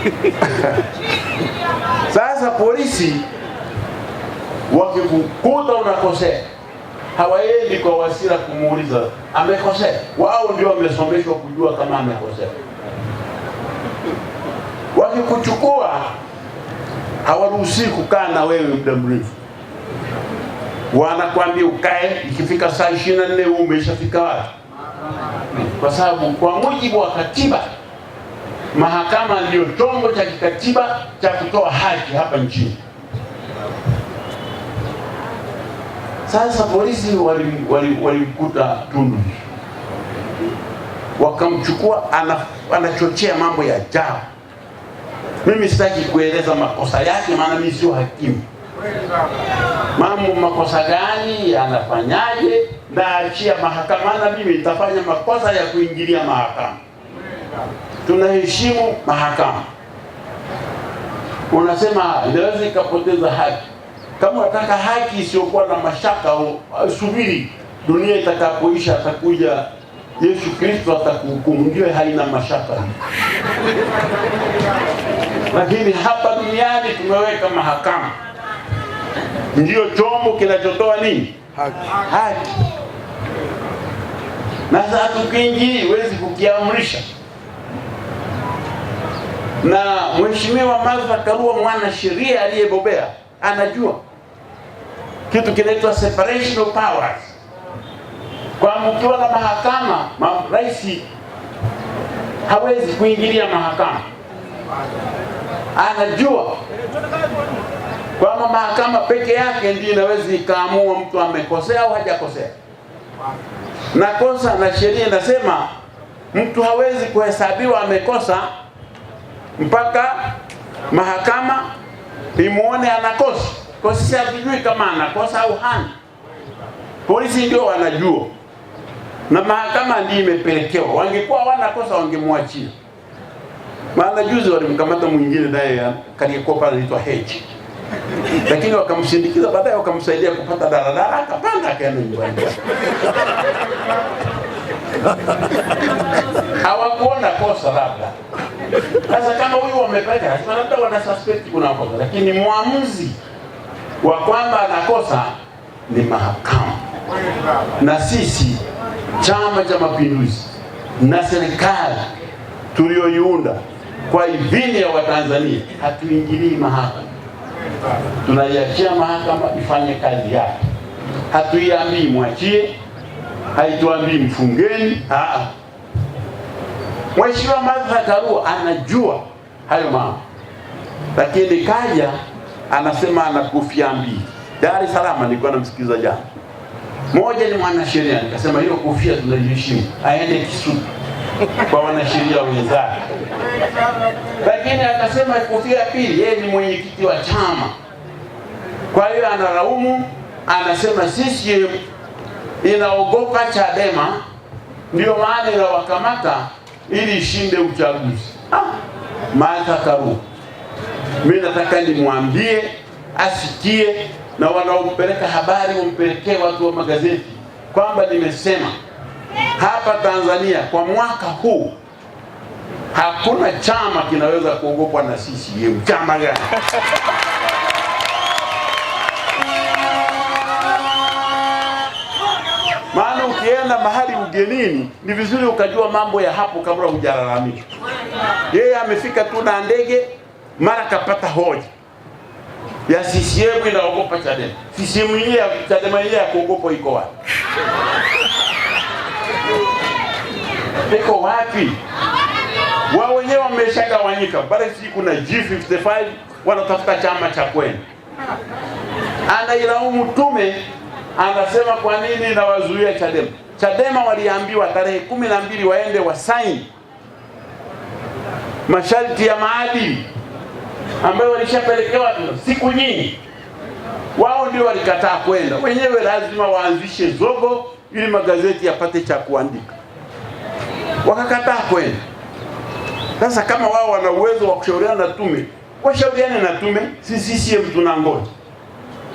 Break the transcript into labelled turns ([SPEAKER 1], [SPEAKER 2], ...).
[SPEAKER 1] Sasa polisi wakikukuta unakosea, hawaendi kwa wasira kumuuliza amekosea. Wao ndio wamesomeshwa kujua kama amekosea. Wakikuchukua hawaruhusii kukaa na wewe muda mrefu, wanakwambia ukae. Ikifika saa ishirini na nne umeshafika wapi? Kwa sababu kwa mujibu wa katiba Mahakama ndiyo chombo cha kikatiba cha kutoa haki hapa nchini. Sasa polisi walimkuta wali, wali Tundu, wakamchukua ana, anachochea mambo ya jao. Mimi sitaki kueleza makosa yake, maana mimi sio hakimu. Mambo makosa gani anafanyaje, naachia mahakama, na mimi nitafanya makosa ya kuingilia mahakama tunaheshimu mahakama. Unasema inaweza ikapoteza haki. Kama unataka haki isiyokuwa na mashaka, subiri dunia itakapoisha, atakuja Yesu Kristo atakuhukumu, ndio haina mashaka. Lakini hapa duniani tumeweka mahakama, ndiyo chombo kinachotoa nini haki, haki. Na sasa tukiingi huwezi kukiamrisha na Mheshimiwa Martha Karua mwana sheria aliyebobea anajua kitu kinaitwa separation of powers, kwa mkiwa na mahakama rais hawezi kuingilia mahakama. Anajua kwamba mahakama peke yake ndiyo inaweza ikaamua mtu amekosea au hajakosea, na kosa na sheria inasema mtu hawezi kuhesabiwa amekosa mpaka mahakama imuone anakosa. Kwa sisi hatujui kama anakosa au hana, polisi ndio wanajua na mahakama ndiyo imepelekewa. Wangekuwa wanakosa wangemwachia. Maana juzi walimkamata mwingine naye kaliyekuwa pale anaitwa Hechi, lakini wakamsindikiza, baadaye wakamsaidia kupata daladala, akapanda akaenda nyumbani. Hawakuona kosa labda sasa kama huyu wamepata lazima labda wana suspect kuna kosa, lakini mwamuzi wa kwamba anakosa ni mahakama. Na sisi Chama cha Mapinduzi na serikali tulioiunda kwa idhini ya Watanzania hatuingilii mahakama, tunaiachia mahakama ifanye kazi yake. Hatuiambii mwachie, haituambii mfungeni, a Mheshimiwa Martha Karua anajua hayo mambo, lakini kaja anasema anakufia mbili. Dar es Salaam nilikuwa namsikiliza jana, moja ni mwanasheria, nikasema hiyo kufia tunaiheshimu, aende kisu kwa wanasheria wenzake. Lakini akasema kufia pili, yeye ni mwenyekiti wa chama, kwa hiyo analaumu, anasema CCM inaogopa Chadema, ndio maana inawakamata ili ishinde uchaguzi. Ah, Martha Karua, mimi nataka nimwambie asikie, na wanaompeleka habari wampelekee watu wa magazeti kwamba nimesema hapa Tanzania kwa mwaka huu hakuna chama kinaweza kuogopwa na CCM. Chama gani? unaenda mahali ugenini, ni vizuri ukajua mambo ya hapo kabla hujalalamika. Yeye amefika tu na ndege, mara kapata hoja ya CCM inaogopa Chadema. CCM yenyewe ya Chadema yenyewe ya kuogopa iko wapi? Iko wapi? Wao wenyewe wameshagawanyika. Bado si kuna G55 wanatafuta chama cha kwenu. Anailaumu tume anasema kwa nini nawazuia Chadema? Chadema waliambiwa tarehe kumi na mbili waende wasaini masharti ya maadili ambayo walishapelekewa siku nyingi. Wao ndio walikataa kwenda, wenyewe lazima waanzishe zogo ili magazeti yapate cha kuandika, wakakataa kwenda. Sasa kama wao wana uwezo wa kushauriana na tume, washauriane na tume, sisi CCM tunangoja.